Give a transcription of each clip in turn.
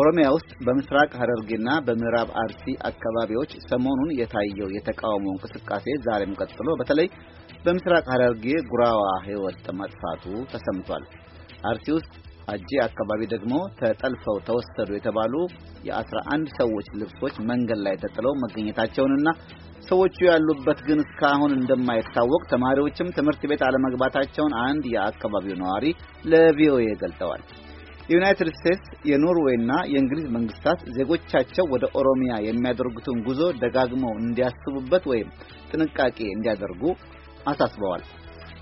ኦሮሚያ ውስጥ በምስራቅ ሀረርጌና በምዕራብ አርሲ አካባቢዎች ሰሞኑን የታየው የተቃውሞ እንቅስቃሴ ዛሬም ቀጥሎ በተለይ በምስራቅ ሀረርጌ ጉራዋ ሕይወት መጥፋቱ ተሰምቷል። አርሲ ውስጥ አጂ አካባቢ ደግሞ ተጠልፈው ተወሰዱ የተባሉ የአስራ አንድ ሰዎች ልብሶች መንገድ ላይ ተጥለው መገኘታቸውንና ሰዎቹ ያሉበት ግን እስካሁን እንደማይታወቅ ተማሪዎችም ትምህርት ቤት አለመግባታቸውን አንድ የአካባቢው ነዋሪ ለቪኦኤ ገልጠዋል። የዩናይትድ ስቴትስ የኖርዌይና የእንግሊዝ መንግስታት ዜጎቻቸው ወደ ኦሮሚያ የሚያደርጉትን ጉዞ ደጋግመው እንዲያስቡበት ወይም ጥንቃቄ እንዲያደርጉ አሳስበዋል።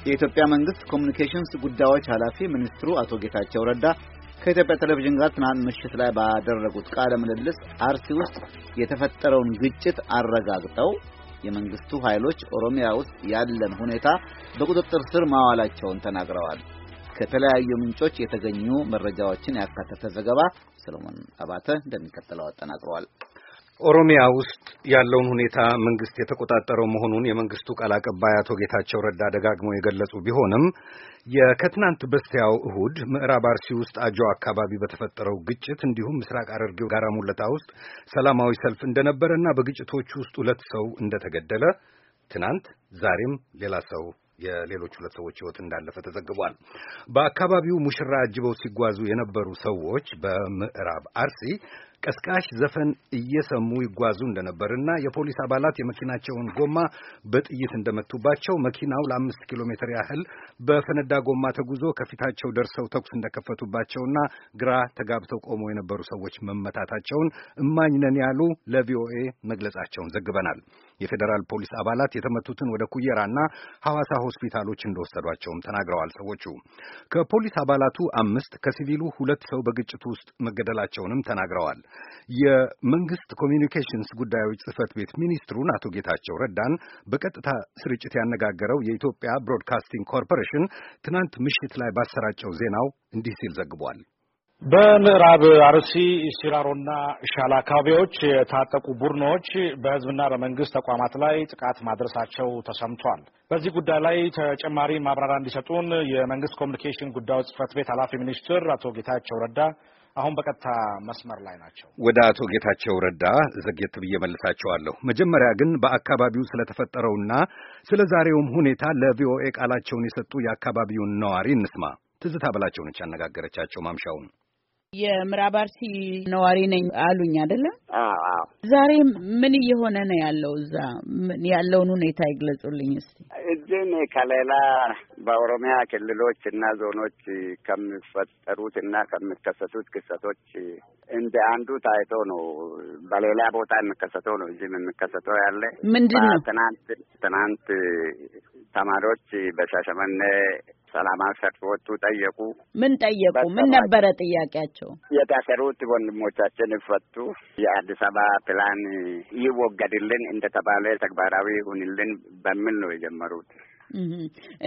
የኢትዮጵያ መንግስት ኮሚኒኬሽንስ ጉዳዮች ኃላፊ ሚኒስትሩ አቶ ጌታቸው ረዳ ከኢትዮጵያ ቴሌቪዥን ጋር ትናንት ምሽት ላይ ባደረጉት ቃለ ምልልስ አርሲ ውስጥ የተፈጠረውን ግጭት አረጋግጠው የመንግስቱ ኃይሎች ኦሮሚያ ውስጥ ያለን ሁኔታ በቁጥጥር ስር ማዋላቸውን ተናግረዋል። ከተለያዩ ምንጮች የተገኙ መረጃዎችን ያካተተ ዘገባ ሰለሞን አባተ እንደሚከተለው አጠናቅረዋል። ኦሮሚያ ውስጥ ያለውን ሁኔታ መንግስት የተቆጣጠረው መሆኑን የመንግስቱ ቃል አቀባይ አቶ ጌታቸው ረዳ ደጋግመው የገለጹ ቢሆንም የከትናንት በስቲያው እሁድ ምዕራብ አርሲ ውስጥ አጆ አካባቢ በተፈጠረው ግጭት እንዲሁም ምስራቅ አረርጌው ጋራ ሙለታ ውስጥ ሰላማዊ ሰልፍ እንደነበረና በግጭቶች ውስጥ ሁለት ሰው እንደተገደለ ትናንት ዛሬም ሌላ ሰው የሌሎች ሁለት ሰዎች ህይወት እንዳለፈ ተዘግቧል። በአካባቢው ሙሽራ አጅበው ሲጓዙ የነበሩ ሰዎች በምዕራብ አርሲ ቀስቃሽ ዘፈን እየሰሙ ይጓዙ እንደነበርና የፖሊስ አባላት የመኪናቸውን ጎማ በጥይት እንደመቱባቸው መኪናው ለአምስት ኪሎ ሜትር ያህል በፈነዳ ጎማ ተጉዞ ከፊታቸው ደርሰው ተኩስ እንደከፈቱባቸውና ግራ ተጋብተው ቆሞ የነበሩ ሰዎች መመታታቸውን እማኝ ነን ያሉ ለቪኦኤ መግለጻቸውን ዘግበናል። የፌዴራል ፖሊስ አባላት የተመቱትን ወደ ኩየራና ሐዋሳ ሆስፒታሎች እንደወሰዷቸውም ተናግረዋል። ሰዎቹ ከፖሊስ አባላቱ አምስት ከሲቪሉ ሁለት ሰው በግጭቱ ውስጥ መገደላቸውንም ተናግረዋል። የመንግስት ኮሚኒኬሽንስ ጉዳዮች ጽህፈት ቤት ሚኒስትሩን አቶ ጌታቸው ረዳን በቀጥታ ስርጭት ያነጋገረው የኢትዮጵያ ብሮድካስቲንግ ኮርፖሬሽን ትናንት ምሽት ላይ ባሰራጨው ዜናው እንዲህ ሲል ዘግቧል። በምዕራብ አርሲ ሲራሮና ሻላ አካባቢዎች የታጠቁ ቡድኖች በህዝብና በመንግስት ተቋማት ላይ ጥቃት ማድረሳቸው ተሰምቷል። በዚህ ጉዳይ ላይ ተጨማሪ ማብራሪያ እንዲሰጡን የመንግስት ኮሚኒኬሽን ጉዳዮች ጽህፈት ቤት ኃላፊ ሚኒስትር አቶ ጌታቸው ረዳ አሁን በቀጥታ መስመር ላይ ናቸው። ወደ አቶ ጌታቸው ረዳ ዘግየት ብዬ መልሳቸዋለሁ። መጀመሪያ ግን በአካባቢው ስለተፈጠረውና ስለ ዛሬውም ሁኔታ ለቪኦኤ ቃላቸውን የሰጡ የአካባቢውን ነዋሪ እንስማ። ትዝታ በላቸው ነች ያነጋገረቻቸው ማምሻውን የምዕራብ አርሲ ነዋሪ ነኝ አሉኝ አይደለም? አዎ። ዛሬ ምን እየሆነ ነው ያለው? እዛ ያለውን ሁኔታ ይግለጹልኝ እስቲ። እዚህ ከሌላ በኦሮሚያ ክልሎች እና ዞኖች ከሚፈጠሩት እና ከሚከሰቱት ክሰቶች እንደ አንዱ ታይቶ ነው በሌላ ቦታ የሚከሰተው ነው እዚህም የሚከሰተው ያለ ምንድን ነው? ትናንት ትናንት ተማሪዎች በሻሸመኔ ሰላማዊ ሰልፍ ወጡ፣ ጠየቁ። ምን ጠየቁ? ምን ነበረ ጥያቄያቸው? የታሰሩት ወንድሞቻችን ይፈቱ፣ የአዲስ አበባ ፕላን ይወገድልን፣ እንደተባለ ተግባራዊ ሁንልን በሚል ነው የጀመሩት።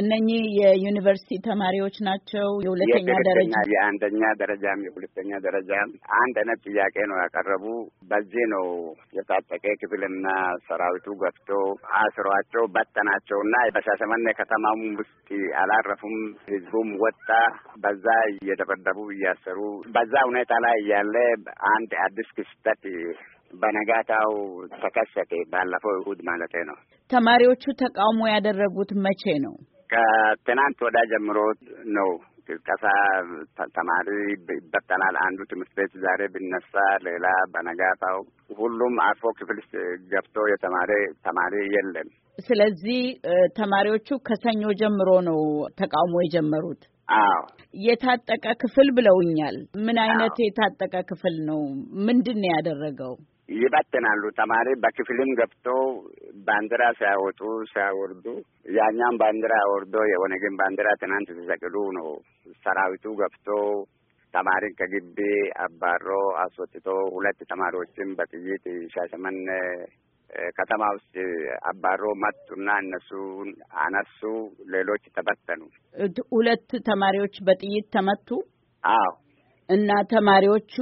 እነኚህ የዩኒቨርሲቲ ተማሪዎች ናቸው። የሁለተኛ ደረጃ የአንደኛ ደረጃም የሁለተኛ ደረጃም አንድ አይነት ጥያቄ ነው ያቀረቡ። በዚህ ነው የታጠቀ ክፍልና ሰራዊቱ ገብቶ አስሯቸው በጠናቸውና በሻሸመኔ ከተማም ውስጥ አላረፉም። ህዝቡም ወጣ። በዛ እየደበደቡ እያሰሩ በዛ ሁኔታ ላይ ያለ አንድ አዲስ ክስተት በነጋታው ተከሰተ። ባለፈው እሁድ ማለት ነው። ተማሪዎቹ ተቃውሞ ያደረጉት መቼ ነው? ከትናንት ወዳ ጀምሮ ነው። ቅስቀሳ ተማሪ ይበጠናል። አንዱ ትምህርት ቤት ዛሬ ቢነሳ ሌላ በነጋታው ሁሉም አርፎ ክፍል ገብቶ የተማሪ ተማሪ የለም። ስለዚህ ተማሪዎቹ ከሰኞ ጀምሮ ነው ተቃውሞ የጀመሩት። አዎ የታጠቀ ክፍል ብለውኛል። ምን አይነት የታጠቀ ክፍል ነው? ምንድን ነው ያደረገው? ይበትናሉ። ተማሪ በክፍልም ገብቶ ባንዲራ ሳያወጡ ሳያወርዱ ያኛም ባንዲራ ወርዶ የኦነግን ባንዲራ ትናንት ሲሰቅሉ ነው ሰራዊቱ ገብቶ ተማሪ ከግቢ አባሮ አስወጥቶ ሁለት ተማሪዎችን በጥይት ሻሸመን ከተማ ውስጥ አባሮ መጡና እነሱን አነሱ። ሌሎች ተበተኑ። ሁለት ተማሪዎች በጥይት ተመቱ። አዎ እና ተማሪዎቹ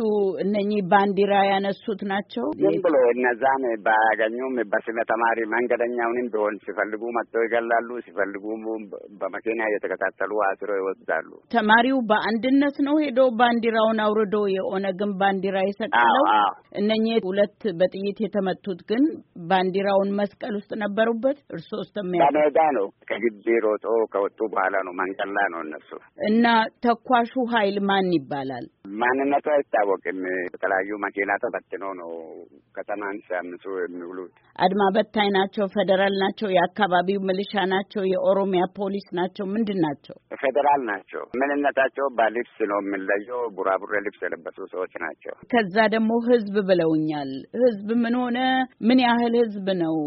እነኚህ ባንዲራ ያነሱት ናቸው። ዝም ብሎ እነዛን ባያገኙም በስመ ተማሪ መንገደኛውንም ቢሆን ሲፈልጉ መጥተው ይገላሉ፣ ሲፈልጉ በመኪና እየተከታተሉ አስሮ ይወስዳሉ። ተማሪው በአንድነት ነው ሄዶ ባንዲራውን አውርዶ የኦነግን ባንዲራ የሰቀለው። እነኚህ ሁለት በጥይት የተመቱት ግን ባንዲራውን መስቀል ውስጥ ነበሩበት። እርስዎ ስተሚያ በሜዳ ነው ከግቢ ሮጦ ከወጡ በኋላ ነው መንቀላ ነው እነሱ እና ተኳሹ ሀይል ማን ይባላል? ማንነቱ አይታወቅም። በተለያዩ መኪና ተበትኖ ነው ከተማን ሲያምሱ የሚውሉት። አድማ በታይ ናቸው፣ ፌዴራል ናቸው፣ የአካባቢው ምልሻ ናቸው፣ የኦሮሚያ ፖሊስ ናቸው፣ ምንድን ናቸው? ፌዴራል ናቸው። ምንነታቸው በልብስ ነው የሚለየው። ቡራቡሬ ልብስ የለበሱ ሰዎች ናቸው። ከዛ ደግሞ ህዝብ ብለውኛል። ህዝብ ምን ሆነ? ምን ያህል ህዝብ ነው?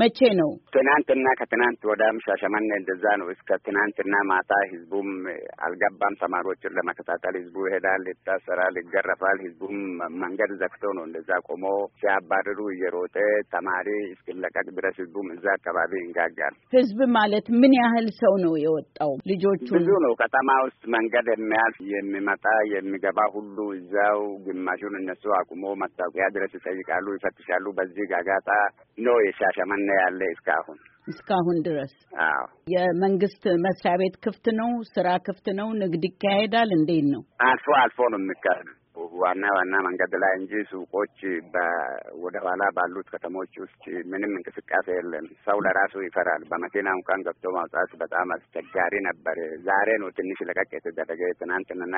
መቼ ነው? ትናንትና ከትናንት ወዳም ሻሸመኔ እንደዛ ነው። እስከ ትናንትና ማታ ህዝቡም አልገባም። ተማሪዎችን ለመከታተል ህዝቡ ይሄዳል። ይታሰራል፣ ይገረፋል። ህዝቡም መንገድ ዘግቶ ነው እንደዛ ቆሞ ሲያባርሩ እየሮጠ ተማሪ እስኪለቀቅ ድረስ ህዝቡም እዛ አካባቢ ይንጋጋል። ህዝብ ማለት ምን ያህል ሰው ነው የወጣው? ልጆቹ ብዙ ነው። ከተማ ውስጥ መንገድ የሚያልፍ የሚመጣ የሚገባ ሁሉ እዛው ግማሹን እነሱ አቁሞ መታወቂያ ድረስ ይጠይቃሉ፣ ይፈትሻሉ። በዚህ ጋጋታ ነው የሻሸመኔ ያለ እስካሁን እስካሁን ድረስ የመንግስት መስሪያ ቤት ክፍት ነው? ስራ ክፍት ነው? ንግድ ይካሄዳል? እንዴት ነው? አልፎ አልፎ ነው የሚካሄዱ ዋና ዋና መንገድ ላይ እንጂ ሱቆች ወደ ኋላ ባሉት ከተሞች ውስጥ ምንም እንቅስቃሴ የለም። ሰው ለራሱ ይፈራል። በመኪና እንኳን ገብቶ ማውጣት በጣም አስቸጋሪ ነበር። ዛሬ ነው ትንሽ ለቀቅ የተደረገ። ትናንትንና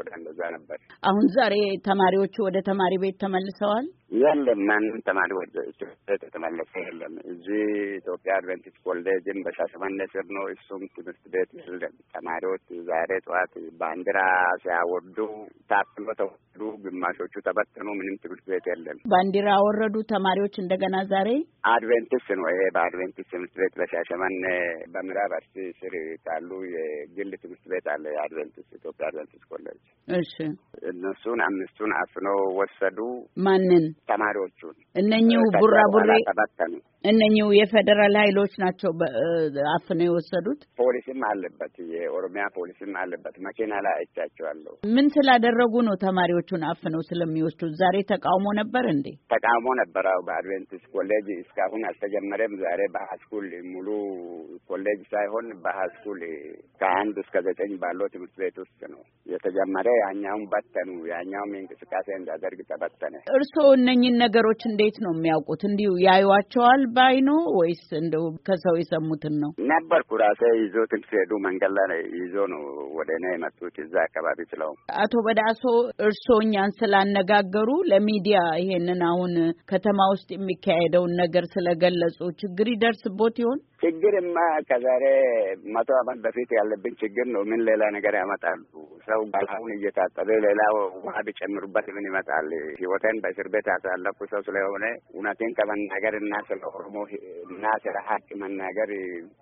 ወደ እንደዛ ነበር። አሁን ዛሬ ተማሪዎቹ ወደ ተማሪ ቤት ተመልሰዋል። የለም ማንም ተማሪ ወደ የለም። እዚህ ኢትዮጵያ አድቨንቲስት ኮሌጅን በሻሸመኔ ስር ነው፣ እሱም ትምህርት ቤት የለም። ተማሪዎች ዛሬ ጠዋት ባንዲራ ሲያወርዱ ታፍሎ ተው ተበተኑ፣ ግማሾቹ ተበተኑ። ምንም ትምህርት ቤት የለም። ባንዲራ ወረዱ ተማሪዎች እንደገና። ዛሬ አድቬንቲስት ነው ይሄ በአድቬንቲስት ትምህርት ቤት በሻሸመን በምዕራብ አርሲ ስር ካሉ የግል ትምህርት ቤት አለ የአድቬንቲስት ኢትዮጵያ አድቬንቲስት ኮሌጅ። እሺ እነሱን አምስቱን አፍነው ወሰዱ። ማንን? ተማሪዎቹን። እነኚሁ ቡራቡሬ ተበተኑ። እነኚሁ የፌዴራል ኃይሎች ናቸው አፍነው የወሰዱት። ፖሊስም አለበት፣ የኦሮሚያ ፖሊስም አለበት። መኪና ላይ አይቻቸዋለሁ። ምን ስላደረጉ ነው ተማሪዎች ተማሪዎቹን አፍነው ስለሚወስዱ ዛሬ ተቃውሞ ነበር እንዴ? ተቃውሞ ነበር። አዎ፣ በአድቬንቲስት ኮሌጅ እስካሁን አልተጀመረም። ዛሬ በሀስኩል ሙሉ ኮሌጅ ሳይሆን በሀስኩል ከአንድ እስከ ዘጠኝ ባለው ትምህርት ቤት ውስጥ ነው የተጀመረ። ያኛውም በተኑ፣ ያኛውም እንቅስቃሴ እንዳደርግ ተበተነ። እርስዎ እነኝን ነገሮች እንዴት ነው የሚያውቁት? እንዲሁ ያዩዋቸዋል ባይኖ ወይስ እንደው ከሰው የሰሙትን ነው? ነበርኩ ራሴ ይዞትን ሲሄዱ መንገድ ላይ ይዞ ነው ወደ እኔ የመጡት እዛ አካባቢ ስለው አቶ በዳሶ እርሶ እርስዎ እኛን ስላነጋገሩ ለሚዲያ ይሄንን አሁን ከተማ ውስጥ የሚካሄደውን ነገር ስለገለጹ ችግር ይደርስቦት ይሆን? ችግርማ ከዛሬ መቶ ዓመት በፊት ያለብን ችግር ነው። ምን ሌላ ነገር ያመጣሉ? ሰው ባልሁን እየታጠበ ሌላ ውሃ ቢጨምሩበት ምን ይመጣል? ህይወቴን በእስር ቤት ያሳለፉ ሰው ስለሆነ እውነቴን ከመናገር እና ስለ ኦሮሞ እና ስለ ሀቅ መናገር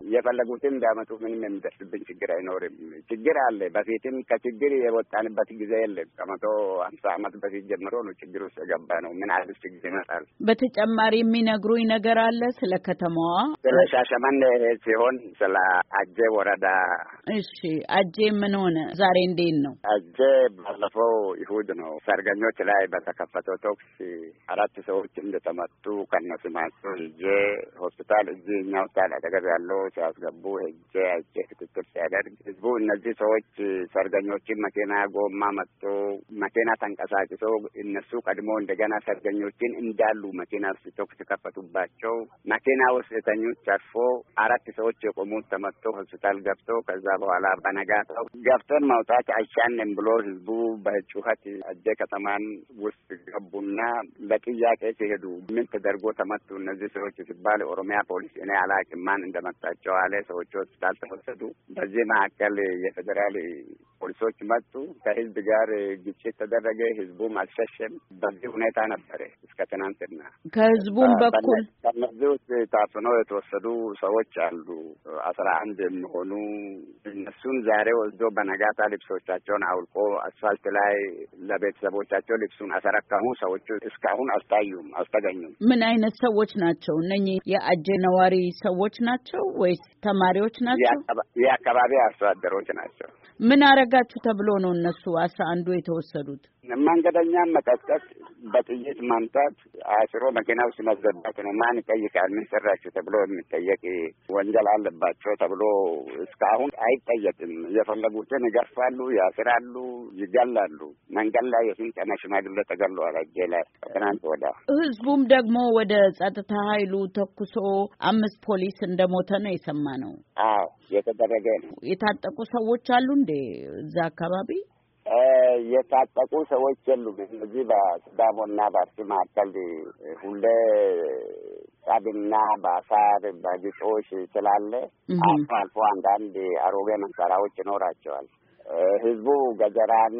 እየፈለጉትን እንዳመጡ ምንም የሚደርስብን ችግር አይኖርም። ችግር አለ። በፊትም ከችግር የወጣንበት ጊዜ የለም። ከመቶ ሀምሳ ዓመት በፊት ጀምሮ ነው ችግር ውስጥ የገባ ነው። ምን አዲስ ችግር ይመጣል? በተጨማሪ የሚነግሩኝ ነገር አለ ስለ ከተማዋ ስለ ተስማምተን ሲሆን ስለ አጄ ወረዳ። እሺ አጄ ምን ሆነ? ዛሬ እንዴት ነው? አጄ ባለፈው ይሁድ ነው ሰርገኞች ላይ በተከፈተው ተኩስ አራት ሰዎች እንደተመቱ ከነስማቸው ሄጄ ሆስፒታል እዚህ እኛ ሆስፒታል አጠገብ ያለው ሲያስገቡ ሄጄ አጄ ክትትል ሲያደርግ ህዝቡ እነዚህ ሰዎች ሰርገኞችን መኪና ጎማ መጥቶ መኪና ተንቀሳቅሶ እነሱ ቀድሞ እንደገና ሰርገኞችን እንዳሉ መኪና ውስጥ ተኩስ ከፈቱባቸው። መኪና ውስጥ የተኙት ተርፎ አራት ሰዎች የቆሙት ተመቶ ሆስፒታል ገብቶ ከዛ በኋላ በነጋታው ገብተን መውጣት አይቻንም ብሎ ህዝቡ በጩኸት እጀ ከተማን ውስጥ ገቡና ለጥያቄ ሲሄዱ ምን ተደርጎ ተመቱ እነዚህ ሰዎች ሲባል ኦሮሚያ ፖሊስ እኔ አላቅም ማን እንደመታቸው አለ። ሰዎች ሆስፒታል ተወሰዱ። በዚህ መካከል የፌዴራል ፖሊሶች መጡ። ከህዝብ ጋር ግጭት ተደረገ። ህዝቡም አልሸሸም። በዚህ ሁኔታ ነበረ እስከ ትናንትና። ከህዝቡም በኩል ከነዚህ ውስጥ ታፍኖ የተወሰዱ ሰዎች አሉ አስራ አንድ የሚሆኑ እነሱን ዛሬ ወስዶ በነጋታ ልብሶቻቸውን አውልቆ አስፋልት ላይ ለቤተሰቦቻቸው ልብሱን አሰረከሙ። ሰዎቹ እስካሁን አልታዩም፣ አልተገኙም። ምን አይነት ሰዎች ናቸው እነኚህ? የአጄ ነዋሪ ሰዎች ናቸው ወይስ ተማሪዎች ናቸው? የአካባቢ አርሶ አደሮች ናቸው። ምን አረጋችሁ ተብሎ ነው እነሱ አስራ አንዱ የተወሰዱት? መንገደኛን መቀጥቀጥ በጥይት ማምጣት አስሮ መኪና ውስጥ መዘባት ነው። ማን ይጠይቃል? ምን ሰራችሁ ተብሎ የሚጠየቅ ወንጀል አለባቸው ተብሎ እስካሁን አይጠየቅም። የፈለጉትን ይገርፋሉ፣ ያስራሉ፣ ይገላሉ። መንገድ ላይ የስንጠና ሽማግሌ ተገለዋል። እጄ ላይ ትናንት ወዳ ህዝቡም ደግሞ ወደ ጸጥታ ኃይሉ ተኩሶ አምስት ፖሊስ እንደሞተ ነው የሰማ ነው። አዎ የተደረገ ነው። የታጠቁ ሰዎች አሉ እንዴ እዛ አካባቢ? የታጠቁ ሰዎች የሉም። እዚህ በሲዳሞና በአርሲ መካከል ሁሌ ጸብና በአሳር በግጦሽ ስላለ አልፎ አልፎ አንዳንድ አሮጌ መንሰራዎች ይኖራቸዋል። ህዝቡ ገጀራን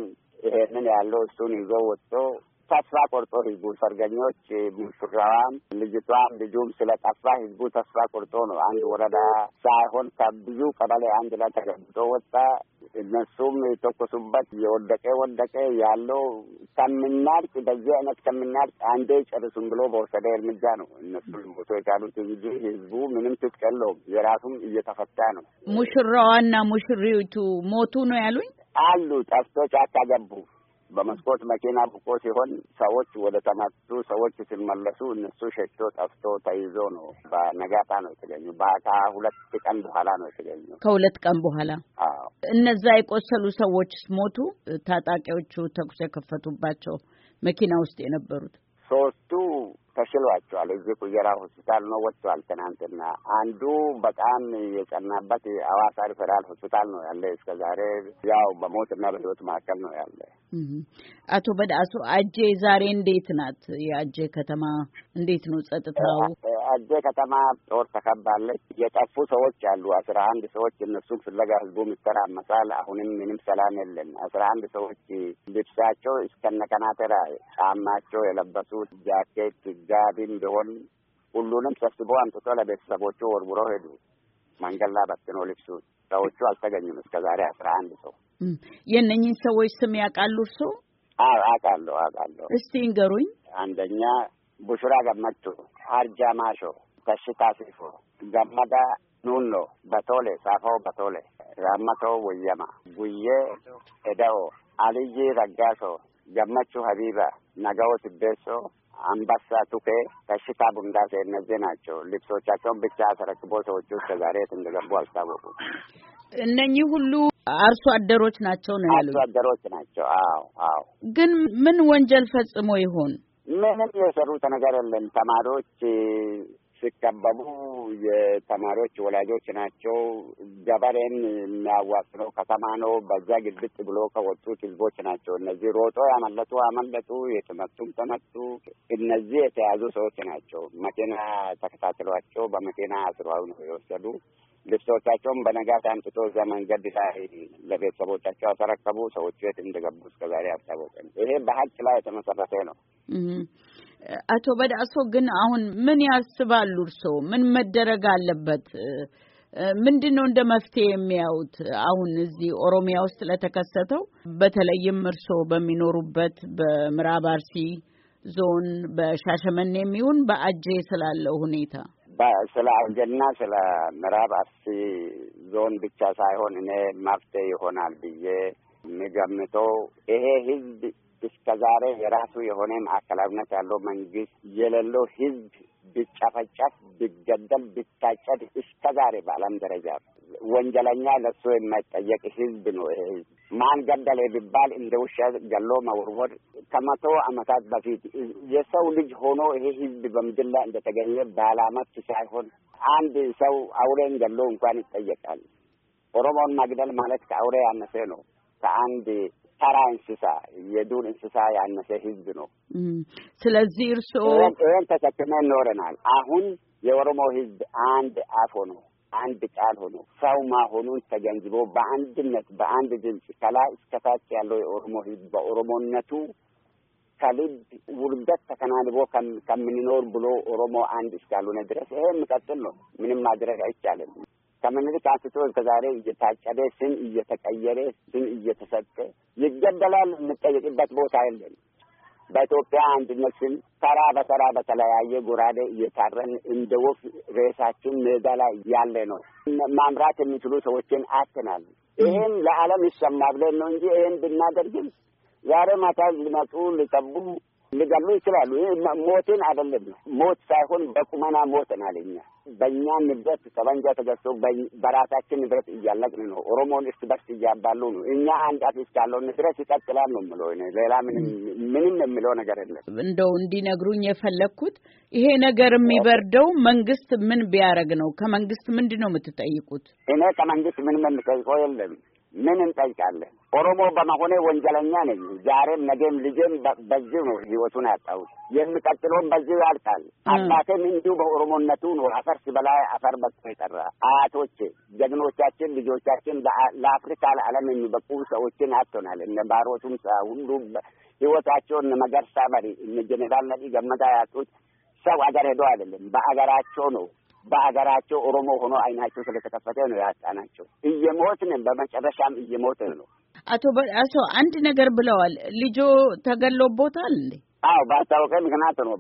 ይሄንን ያለው እሱን ይዞ ወጥቶ ተስፋ ቆርጦ ህዝቡ ሰርገኞች ሙሽራዋም ልጅቷም ልጁም ስለጠፋ ህዝቡ ተስፋ ቆርጦ ነው። አንድ ወረዳ ሳይሆን ከብዙ ቀበሌ አንድ ላይ ተገብቶ ወጣ። እነሱም የተኮሱበት የወደቀ ወደቀ ያለው ከምናልቅ በዚህ አይነት ከምናልቅ አንዴ ጨርሱም ብሎ በወሰደ እርምጃ ነው እነሱ ልሞቶ የቻሉት እንጂ ህዝቡ ምንም ትጥቅ የለውም። የራሱም እየተፈታ ነው። ሙሽራዋና ሙሽሪቱ ሞቱ ነው ያሉኝ አሉ ጠፍቶ ጫካ ገቡ። በመስኮት መኪና ብቆ ሲሆን ሰዎች ወደ ተመቱ ሰዎች ሲመለሱ እነሱ ሸሽቶ ጠፍቶ ተይዞ ነው በነጋታ ነው የተገኙ። በአካ ሁለት ቀን በኋላ ነው የተገኙ። ከሁለት ቀን በኋላ እነዛ የቆሰሉ ሰዎች ሞቱ። ታጣቂዎቹ ተኩስ የከፈቱባቸው መኪና ውስጥ የነበሩት ሶስቱ ተሽሏቸዋል። እዚህ ቁየራ ሆስፒታል ነው ወጥቷል። ትናንትና አንዱ በጣም የጸናበት አዋሳ ሪፈራል ሆስፒታል ነው ያለ። እስከ ዛሬ ያው በሞትና በህይወት መካከል ነው ያለ። አቶ በዳሱ አጄ ዛሬ እንዴት ናት? የአጄ ከተማ እንዴት ነው ጸጥታው? አጄ ከተማ ጦር ተከባለች። የጠፉ ሰዎች አሉ አስራ አንድ ሰዎች። እነሱም ፍለጋ ህዝቡም ይተራመሳል። አሁንም ምንም ሰላም የለም። አስራ አንድ ሰዎች ልብሳቸው እስከነከናተራ ጫማቸው የለበሱት ጃኬት ጋቢም ቢሆን ሁሉንም ሰብስቦ አምጥቶ ለቤተሰቦቹ ወርውረው ሄዱ። መንገድ ላይ በትኖ ልብሱ ሰዎቹ አልተገኙም። እስከ ዛሬ አስራ አንድ ሰው የእነኝህን ሰዎች ስም ያውቃሉ እርሶ? አውቃለሁ አውቃለሁ። እስቲ እንገሩኝ። አንደኛ ቡሹራ ገመቱ፣ አርጃ ማሾ፣ ተሽታ ሲፎ፣ ገመዳ ኑኖ፣ በቶሌ ሳፋው፣ በቶሌ ራመቶ፣ ወየማ ጉዬ፣ ኤዳኦ፣ አልይ ረጋሶ፣ ገመቹ ሀቢባ፣ ነገዎ ትቤሶ አምባሳ ቱኬ፣ ከሽታ ቡንዳሴ እነዚህ ናቸው። ልብሶቻቸውን ብቻ አስረክቦ ሰዎቹ እስከዛሬ የት እንደገቡ አልታወቁም። እነኚህ ሁሉ አርሶ አደሮች ናቸው ነው ያሉት። አርሶ አደሮች ናቸው። አዎ አዎ። ግን ምን ወንጀል ፈጽሞ ይሆን? ምንም የሰሩት ነገር የለም። ተማሪዎች ሲከበቡ የተማሪዎች ወላጆች ናቸው። ገበሬን የሚያዋስነው ከተማ ነው። በዛ ግልብጥ ብሎ ከወጡት ህዝቦች ናቸው። እነዚህ ሮጦ ያመለጡ አመለጡ፣ የተመቱም ተመቱ። እነዚህ የተያዙ ሰዎች ናቸው። መኪና ተከታትሏቸው በመኪና አስሯዊ ነው የወሰዱ። ልብሶቻቸውም በነጋት አምጥቶ እዛ መንገድ ላይ ለቤተሰቦቻቸው አተረከቡ። ሰዎቹ የት እንደገቡ እስከዛሬ አልታወቀም። ይሄ በሀቅ ላይ የተመሰረተ ነው። አቶ በዳሶ ግን አሁን ምን ያስባሉ እርስዎ? ምን መደረግ አለበት? ምንድን ነው እንደ መፍትሄ የሚያዩት? አሁን እዚህ ኦሮሚያ ውስጥ ለተከሰተው በተለይም እርስዎ በሚኖሩበት በምዕራብ አርሲ ዞን በሻሸመኔ የሚሆን በአጄ ስላለው ሁኔታ ስለ አጀና ስለ ምዕራብ አርሲ ዞን ብቻ ሳይሆን እኔ መፍትሄ ይሆናል ብዬ የሚገምተው ይሄ ህዝብ ዛሬ የራሱ የሆነ ማዕከላዊነት ያለው መንግስት የሌለው ህዝብ ቢጨፈጨፍ፣ ቢገደል፣ ቢታጨድ ዛሬ በዓለም ደረጃ ወንጀለኛ ለሱ የማይጠየቅ ህዝብ ነው። ይሄ ህዝብ ማን ገደለ ቢባል እንደ ውሻ ገሎ መወርወር ከመቶ አመታት በፊት የሰው ልጅ ሆኖ ይሄ ህዝብ በምድር ላይ እንደተገኘ ባለመብት ሳይሆን አንድ ሰው አውሬን ገሎ እንኳን ይጠየቃል። ኦሮሞን መግደል ማለት ከአውሬ ያነሰ ነው። ከአንድ ተራ እንስሳ የዱር እንስሳ ያነሰ ህዝብ ነው። ስለዚህ እርስዎ ይህን ተሸክመን ኖረናል። አሁን የኦሮሞ ህዝብ አንድ አፍ ሆኖ አንድ ቃል ሆኖ ሰው መሆኑን ተገንዝቦ በአንድነት በአንድ ድምፅ ከላይ እስከታች ያለው የኦሮሞ ህዝብ በኦሮሞነቱ ከልብ ውርደት ተከናንቦ ከምንኖር ብሎ ኦሮሞ አንድ እስካልሆነ ድረስ ይሄ የምቀጥል ነው። ምንም ማድረግ አይቻልም። ከምኒልክ አንስቶ እስከዛሬ እየታጨደ ስም እየተቀየረ ስም እየተሰጠ ይገደላል። የምጠየቅበት ቦታ የለም። በኢትዮጵያ አንድነት ስም ተራ በተራ በተለያየ ጎራዴ እየታረን እንደ ወፍ ሬሳችን ሜዳ ላይ ያለ ነው። ማምራት የሚችሉ ሰዎችን አትናል። ይህም ለዓለም ይሰማ ብለን ነው እንጂ ይህን ብናደርግም ዛሬ ማታ ሊመጡ ሊጠቡ ሊገሉ ይችላሉ። ይህ ሞትን አይደለም ነው ሞት ሳይሆን በቁመና ሞት አለኛ በእኛ ንብረት ጠበንጃ ተገዝቶ በራሳችን ንብረት እያለቅን ነው። ኦሮሞን እርስ በርስ እያባሉ ነው። እኛ አንድ አፊስ ያለው ንብረት ይቀጥላል ነው የምለው። ሌላ ምንም ምንም የምለው ነገር የለም። እንደው እንዲነግሩኝ የፈለግኩት ይሄ ነገር የሚበርደው መንግስት ምን ቢያደርግ ነው? ከመንግስት ምንድን ነው የምትጠይቁት? እኔ ከመንግስት ምንም የምጠይቀው የለም። ምን እንጠይቃለን? ኦሮሞ በመሆኔ ወንጀለኛ ነኝ። ዛሬም ነገም ልጄም በዚሁ ነው ህይወቱን ያጣው። የሚቀጥለውም በዚሁ ያልቃል። አባቴም እንዲሁ በኦሮሞነቱ ነው አፈር ሲበላ አፈር በቅቶ የቀረ። አያቶች ጀግኖቻችን፣ ልጆቻችን ለአፍሪካ ለዓለም የሚበቁ ሰዎችን አጥተናል። እነ ባሮቱም ሁሉ ህይወታቸውን እነ መገርሳ መሪ፣ እነ ነዲ ገመዳ ያጡት ሰው አገር ሄዶ አይደለም በአገራቸው ነው በሀገራቸው ኦሮሞ ሆኖ አይናቸው ስለተከፈተ ነው ያጣናቸው። እየሞትን በመጨረሻም እየሞትን ነው። አቶ በአሶ አንድ ነገር ብለዋል። ልጆ ተገሎቦታል እንዴ? አዎ ባስታወቀ ምክንያት ነው።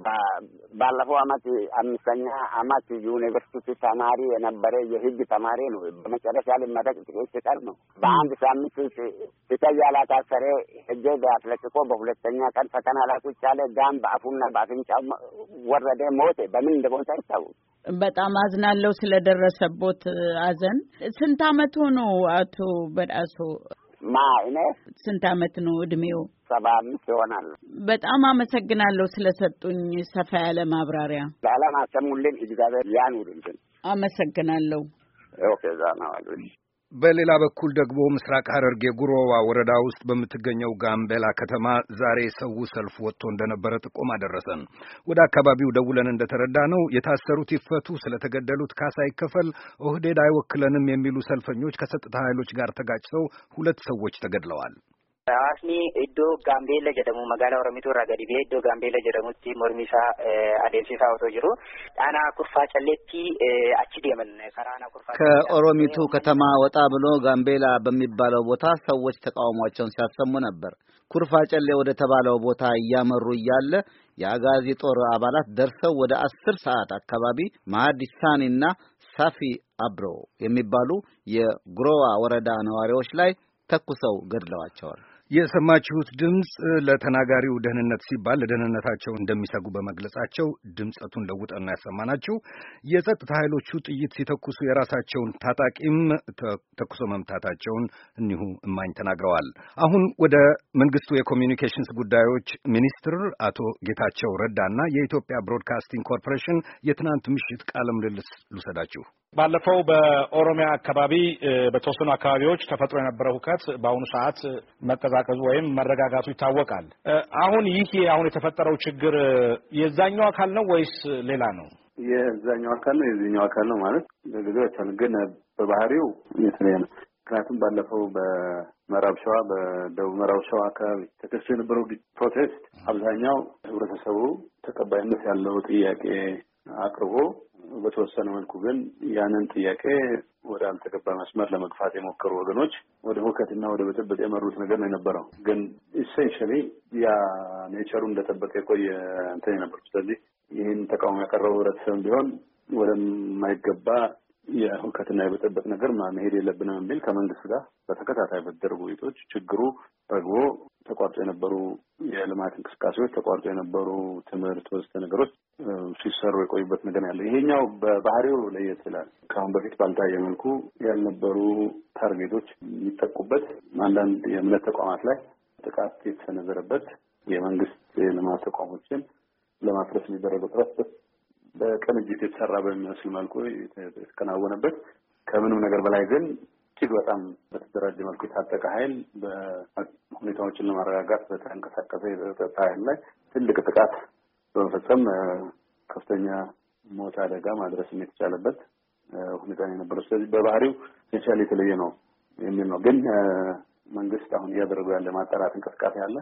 ባለፈው አመት አምስተኛ አመት ዩኒቨርሲቲ ተማሪ የነበረ የህግ ተማሪ ነው። በመጨረሻ ልመረቅ ጥቂት ሲቀር ነው በአንድ ሳምንት ውስጥ ላታሰረ ህገ አስለቅቆ በሁለተኛ ቀን ፈተና ላይ ጋም በአፉና በአፍንጫው ወረደ፣ ሞቴ በምን እንደሞተ አይታወቅም። በጣም አዝናለሁ ስለደረሰቦት አዘን። ስንት አመት ሆኖ አቶ በዳሶ ማ ስንት አመት ነው እድሜው? ሰባ አምስት ይሆናል። በጣም አመሰግናለሁ ስለሰጡኝ ሰፋ ያለ ማብራሪያ። ለዓላማ ሰሙልን። እግዚአብሔር ያኑርልን። አመሰግናለሁ። ኦኬ ዛና በሌላ በኩል ደግሞ ምስራቅ ሐረርጌ ጉሮዋ ወረዳ ውስጥ በምትገኘው ጋምቤላ ከተማ ዛሬ ሰው ሰልፍ ወጥቶ እንደነበረ ጥቆማ ደረሰን። ወደ አካባቢው ደውለን እንደተረዳ ነው የታሰሩት ይፈቱ፣ ስለተገደሉት ካሳ ይከፈል፣ ኦህዴድ አይወክለንም የሚሉ ሰልፈኞች ከጸጥታ ኃይሎች ጋር ተጋጭተው ሁለት ሰዎች ተገድለዋል። Hawaasni iddoo Gaambeella jedhamu magaalaa Oromituu irraa gadi ba'ee iddoo Gaambeella jedhamutti mormi isaa eh, adeemsisaa otoo jiru ጣና ኩርፋ ጨሌtti አቺ ደመን ከራና ኩርፋ ከኦሮሚቱ ከተማ ወጣ ብሎ ጋምቤላ በሚባለው ቦታ ሰዎች ተቃውሟቸውን ሲያሰሙ ነበር። ኩርፋ ጨሌ ወደ ተባለው ቦታ እያመሩ እያለ የአጋዚ ጦር አባላት ደርሰው ወደ አስር ሰዓት አካባቢ ማሀዲሳኒና ሳፊ አብሮ የሚባሉ የጉሮዋ ወረዳ ነዋሪዎች ላይ ተኩሰው ገድለዋቸዋል። የሰማችሁት ድምፅ ለተናጋሪው ደህንነት ሲባል ለደህንነታቸው እንደሚሰጉ በመግለጻቸው ድምፀቱን ለውጠና ያሰማናችሁ። የጸጥታ ኃይሎቹ ጥይት ሲተኩሱ የራሳቸውን ታጣቂም ተኩሶ መምታታቸውን እኒሁ እማኝ ተናግረዋል። አሁን ወደ መንግስቱ የኮሚኒኬሽንስ ጉዳዮች ሚኒስትር አቶ ጌታቸው ረዳና የኢትዮጵያ ብሮድካስቲንግ ኮርፖሬሽን የትናንት ምሽት ቃለ ምልልስ ልውሰዳችሁ። ባለፈው በኦሮሚያ አካባቢ በተወሰኑ አካባቢዎች ተፈጥሮ የነበረው ሁከት በአሁኑ ሰዓት መቀዛቀዙ ወይም መረጋጋቱ ይታወቃል። አሁን ይህ አሁን የተፈጠረው ችግር የዛኛው አካል ነው ወይስ ሌላ ነው? የዛኛው አካል ነው የዚህኛው አካል ነው ማለት ለጊዜው አይቻልም፣ ግን በባህሪው የተለየ ነው። ምክንያቱም ባለፈው በምዕራብ ሸዋ በደቡብ ምዕራብ ሸዋ አካባቢ ተከስቶ የነበረው ፕሮቴስት አብዛኛው ህብረተሰቡ ተቀባይነት ያለው ጥያቄ አቅርቦ በተወሰነ መልኩ ግን ያንን ጥያቄ ወደ አልተገባ መስመር ለመግፋት የሞከሩ ወገኖች ወደ ሁከትና ወደ ብጥብጥ የመሩት ነገር ነው የነበረው። ግን ኢሴንሽሊ ያ ኔቸሩ እንደጠበቀ የቆየ እንትን የነበሩ። ስለዚህ ይህን ተቃውሞ ያቀረበው ህብረተሰብ ቢሆን ወደማይገባ የሁከትና የበጠበጥ ነገር መሄድ የለብንም የሚል ከመንግስት ጋር በተከታታይ በተደረጉ ውይይቶች ችግሩ ጠግቦ ተቋርጦ የነበሩ የልማት እንቅስቃሴዎች ተቋርጦ የነበሩ ትምህርት ወስተ ነገሮች ሲሰሩ የቆዩበት ነገር ያለ ይሄኛው በባህሪው ለየት ይላል። ከአሁን በፊት ባልታየ መልኩ ያልነበሩ ታርጌቶች የሚጠቁበት አንዳንድ የእምነት ተቋማት ላይ ጥቃት የተሰነዘረበት የመንግስት የልማት ተቋሞችን ለማፍረስ የሚደረገው ጥረት በቅንጅት የተሰራ በሚመስል መልኩ የተከናወነበት ከምንም ነገር በላይ ግን እጅግ በጣም በተደራጀ መልኩ የታጠቀ ኃይል በሁኔታዎችን ለማረጋጋት በተንቀሳቀሰ የጸጥታ ኃይል ላይ ትልቅ ጥቃት በመፈጸም ከፍተኛ ሞት አደጋ ማድረስ የተቻለበት ሁኔታ ነው የነበረው። ስለዚህ በባህሪው ሶሻል የተለየ ነው የሚል ነው። ግን መንግስት አሁን እያደረጉ ያለ ማጣራት እንቅስቃሴ አለ።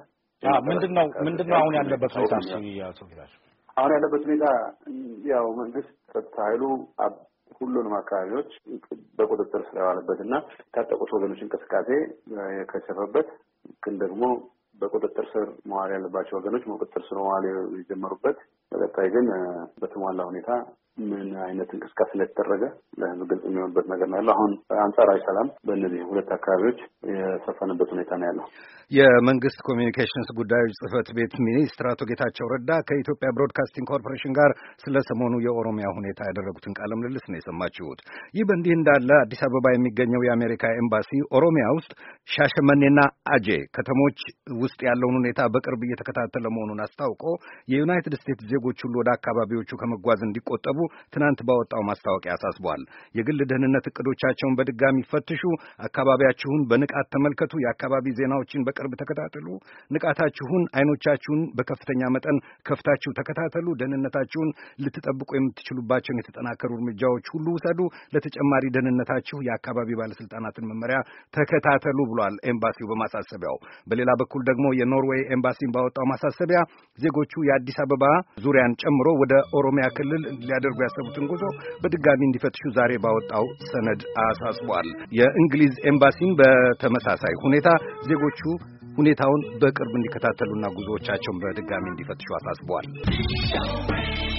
ምንድን ነው ምንድን ነው አሁን ያለበት ሁኔታ? አሁን ያለበት ሁኔታ ያው መንግስት ጸጥታ ኃይሉ ሁሉንም አካባቢዎች በቁጥጥር ስለዋለበት እና ታጠቁ ወገኖች እንቅስቃሴ የከሸፈበት ግን ደግሞ በቁጥጥር ስር መዋል ያለባቸው ወገኖች በቁጥጥር ስር መዋል የጀመሩበት፣ በቀጣይ ግን በተሟላ ሁኔታ ምን አይነት እንቅስቃሴ ላይ ተደረገ ለህዝብ ግልጽ የሚሆንበት ነገር ነው ያለው። አሁን አንጻራዊ ሰላም በእነዚህ ሁለት አካባቢዎች የሰፈነበት ሁኔታ ነው ያለው። የመንግስት ኮሚኒኬሽንስ ጉዳዮች ጽህፈት ቤት ሚኒስትር አቶ ጌታቸው ረዳ ከኢትዮጵያ ብሮድካስቲንግ ኮርፖሬሽን ጋር ስለ ሰሞኑ የኦሮሚያ ሁኔታ ያደረጉትን ቃለ ምልልስ ነው የሰማችሁት። ይህ በእንዲህ እንዳለ አዲስ አበባ የሚገኘው የአሜሪካ ኤምባሲ ኦሮሚያ ውስጥ ሻሸመኔና አጄ ከተሞች ውስጥ ያለውን ሁኔታ በቅርብ እየተከታተለ መሆኑን አስታውቆ የዩናይትድ ስቴትስ ዜጎች ሁሉ ወደ አካባቢዎቹ ከመጓዝ እንዲቆጠቡ ትናንት ባወጣው ማስታወቂያ አሳስቧል። የግል ደህንነት እቅዶቻቸውን በድጋሚ ፈትሹ፣ አካባቢያችሁን በንቃት ተመልከቱ፣ የአካባቢ ዜናዎችን በቅርብ ተከታተሉ፣ ንቃታችሁን አይኖቻችሁን በከፍተኛ መጠን ከፍታችሁ ተከታተሉ፣ ደህንነታችሁን ልትጠብቁ የምትችሉባቸውን የተጠናከሩ እርምጃዎች ሁሉ ውሰዱ፣ ለተጨማሪ ደህንነታችሁ የአካባቢ ባለስልጣናትን መመሪያ ተከታተሉ ብሏል ኤምባሲው በማሳሰቢያው። በሌላ በኩል ደግሞ የኖርዌይ ኤምባሲን ባወጣው ማሳሰቢያ ዜጎቹ የአዲስ አበባ ዙሪያን ጨምሮ ወደ ኦሮሚያ ክልል ሊያደርጉ ያሰቡትን ጉዞ በድጋሚ እንዲፈትሹ ዛሬ ባወጣው ሰነድ አሳስቧል። የእንግሊዝ ኤምባሲም በተመሳሳይ ሁኔታ ዜጎቹ ሁኔታውን በቅርብ እንዲከታተሉና ጉዞዎቻቸውን በድጋሚ እንዲፈትሹ አሳስቧል።